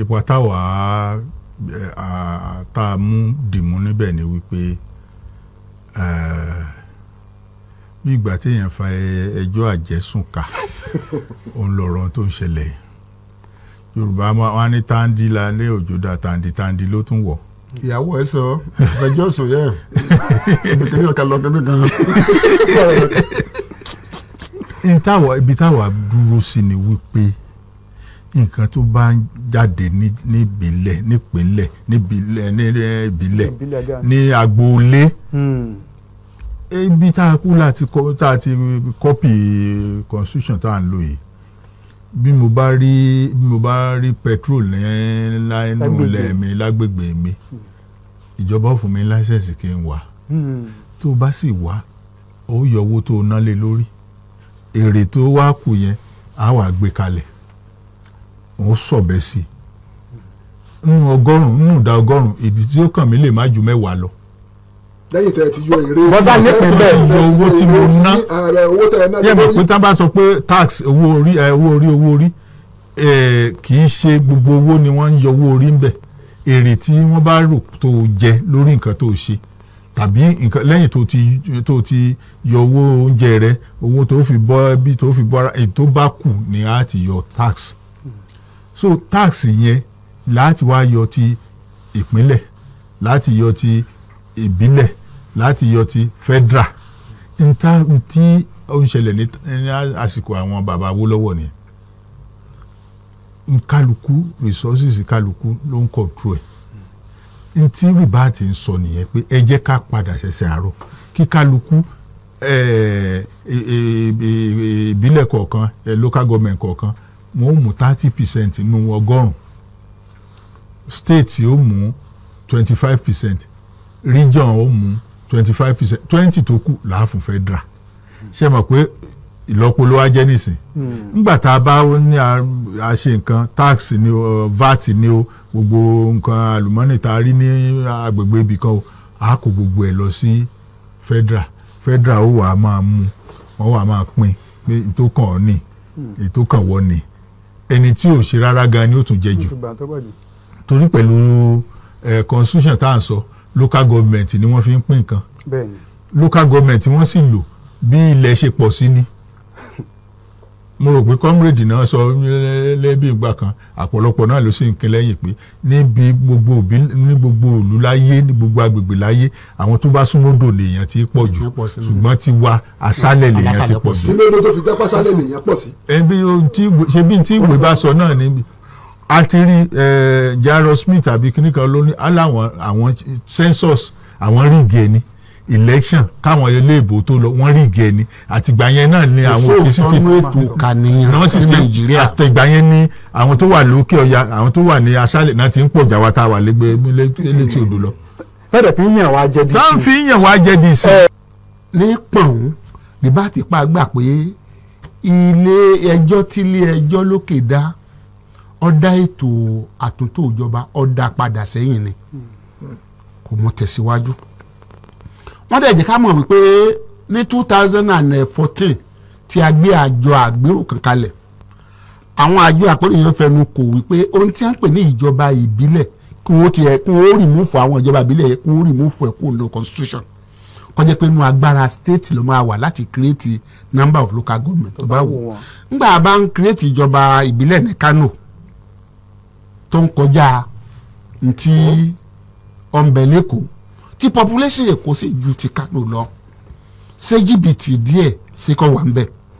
ipa táwa tá a mú dìmú níbẹ̀ ni wípé bí ìgbà téèyàn fa ẹjọ́ àjẹsùn ká òun lọ̀rọ̀ tó ń ṣẹlẹ̀ yorùbá wọn ní tàǹdì lálẹ́ òjò dá tàǹdì tàǹdì ló tún wọ̀ ìyàwó ẹ sọ ìfẹjọ sọ yẹ ibi tẹ́lẹ̀ ọ̀ka lọ bẹ́ẹ̀ gan. ibi táwa dúró sí ni wípé nǹkan tó bá ń jáde níbílẹ̀ nípínlẹ̀ níbílẹ̀ níbílẹ̀ ní agboolé hmm. ibi tá a kú láti tá a ti kọ́pì constitution tá a ń lò yìí bí mo bá rí bí mo bá rí petrol nínú ilẹ̀ mi lágbègbè mi ìjọba ò fún mi láṣẹ̀sì kí n wà hmm. tó o bá sì wá ó yọ owó tó ná lé lórí èrè tó wá kù yẹn á wà gbé kalẹ̀ wọ́n sọ̀bẹ sí i nínú ọgọ́rùn-ún nínú ìdá ọgọ́rùn-ún èdè tí ó kàn mí lè má ju mẹ́wàá lọ. lẹ́yìn tẹ́ ẹ ti yọ èrè bọ́sà nípìn bẹ́ẹ̀ yọ owó tí mo ná yẹ mọ̀ pé tá a bá sọ pé tax owó orí owó orí owó orí kì í ṣe gbogbo owó ni wọ́n ń yọ owó orí ń bẹ̀ èrè tí wọ́n bá rò tó jẹ lórí nǹkan tó ṣe tàbí nǹkan lẹ́yìn tó ti tó ti yọ owó oúnjẹ rẹ owó tó fi bọ́ ẹbí tó fi bọ́ ara èyí tó bá kù ni a ti yọ tax so tax yẹn láti wá yọ ti ìpínlẹ̀ láti yọ ti ìbílẹ̀ láti yọ ti federal nta ti ó ń ṣẹlẹ̀ ní àsìkò àwọn bàbá Awólọ́wọ̀ ni kálukú resources kálukú ló ń control ẹ̀ ntí rìbá ti sọ nìyẹn pé ẹ jẹ́ ká padà ṣẹ̀ṣẹ̀ àárọ̀ kí kálukú eh, eh, eh, ìbílẹ̀ kọ̀ọ̀kan local government kọ̀ọ̀kan wọn ó mú thirty percent nínú ọgọ́rùn state ó mú twenty five percent region ó mú twenty five percent twenty tó kù federal ṣe mọ̀ pé ìlọ́po ló wá hmm. a bá ní a ṣe nǹkan tax ni o vat ni o gbogbo nǹkan àlùmọ́nì tá a rí ní agbègbè ibì kan o a gbogbo ẹ̀ lọ sí federal ó wàá máa mú wọ́n wàá máa pín pé ètò kan ọ̀ ni hmm. ètò kan wọ́n ni. ẹni tí ò ṣe rárá gan ni ó tún jẹ jù torí pẹ̀lú constitution tá à ń sọ local government ni wọ́n fi ń pín nǹkan local government wọ́n sì lò bí ilẹ̀ ṣe pọ̀ sí ni mo rò pé comrade náà sọ lẹ́bí ìgbà kan àpọ̀lọpọ̀ náà ló sì ń kin lẹ́yìn pé níbi gbogbo òbí ní gbogbo òlú láyé ní gbogbo agbègbè láyé àwọn tó bá súnmọ́ odò lèèyàn ti pọ̀ jù ṣùgbọ́n ti wa aṣálẹ̀ lèèyàn ti pọ̀ jù. kí ló dé tó fi jápá aṣálẹ̀ lèèyàn pọ̀ sí. ẹbí ṣe bí tí ìwé bá sọ náà níbi a ti rí Jairo Smith àbí kíníkan ló ní aláwọn àwọn sensors àwọn ríìgì ẹni election káwọn eléèbó tó lọ wọ́n rí ìgẹ̀ ni àtìgbà yẹn náà ni àwọn òkè sí ti náà sì ti àtìgbà yẹn ni àwọn tó wà lókè ọya àwọn tó wà ní aṣálẹ̀ náà ti ń pọ̀ jà wa tá a wà lẹ́gbẹ̀ẹ́ létí odò lọ. tẹ́lẹ̀ fi ń yàn wá jẹ́ di ìsìn. fi ń yàn wá jẹ́ di ní pọ̀n ní bá ti pa gbà pé ilé ẹjọ́ tílé ẹjọ́ lókè dá ọ̀dà ètò àtúntò ìjọba ọ̀dà padà sẹ́yìn ni kò mọ̀ tẹ̀síwájú. Si wọ́n dẹ̀ jẹ́ ká mọ̀ wípé ní two thousand and eh, fourteen tí a gbé àjọ àgbérò kan kalẹ̀ àwọn àjọ àpérò yẹn fẹnu kò wípé ohun tí wọ́n pè ní ìjọba ìbílẹ̀ kí wọ́n ti ẹ̀ eh, kí wọ́n rìmúfù àwọn ìjọba ìbílẹ̀ yẹn kí wọ́n rìmúfù ẹ̀ kó no constitution kọjá pé inú agbára state ló máa wà láti create number of local government tó bá wù wọ́n bá ń create ìjọba ìbílẹ̀ ní Kano tó ń kọjá ntí ọ̀nbẹ̀ kí population Èkó sì ju ti Kánò lọ ṣé jìbìtì díẹ̀ ṣe kọ́ wà ń bẹ́ẹ̀.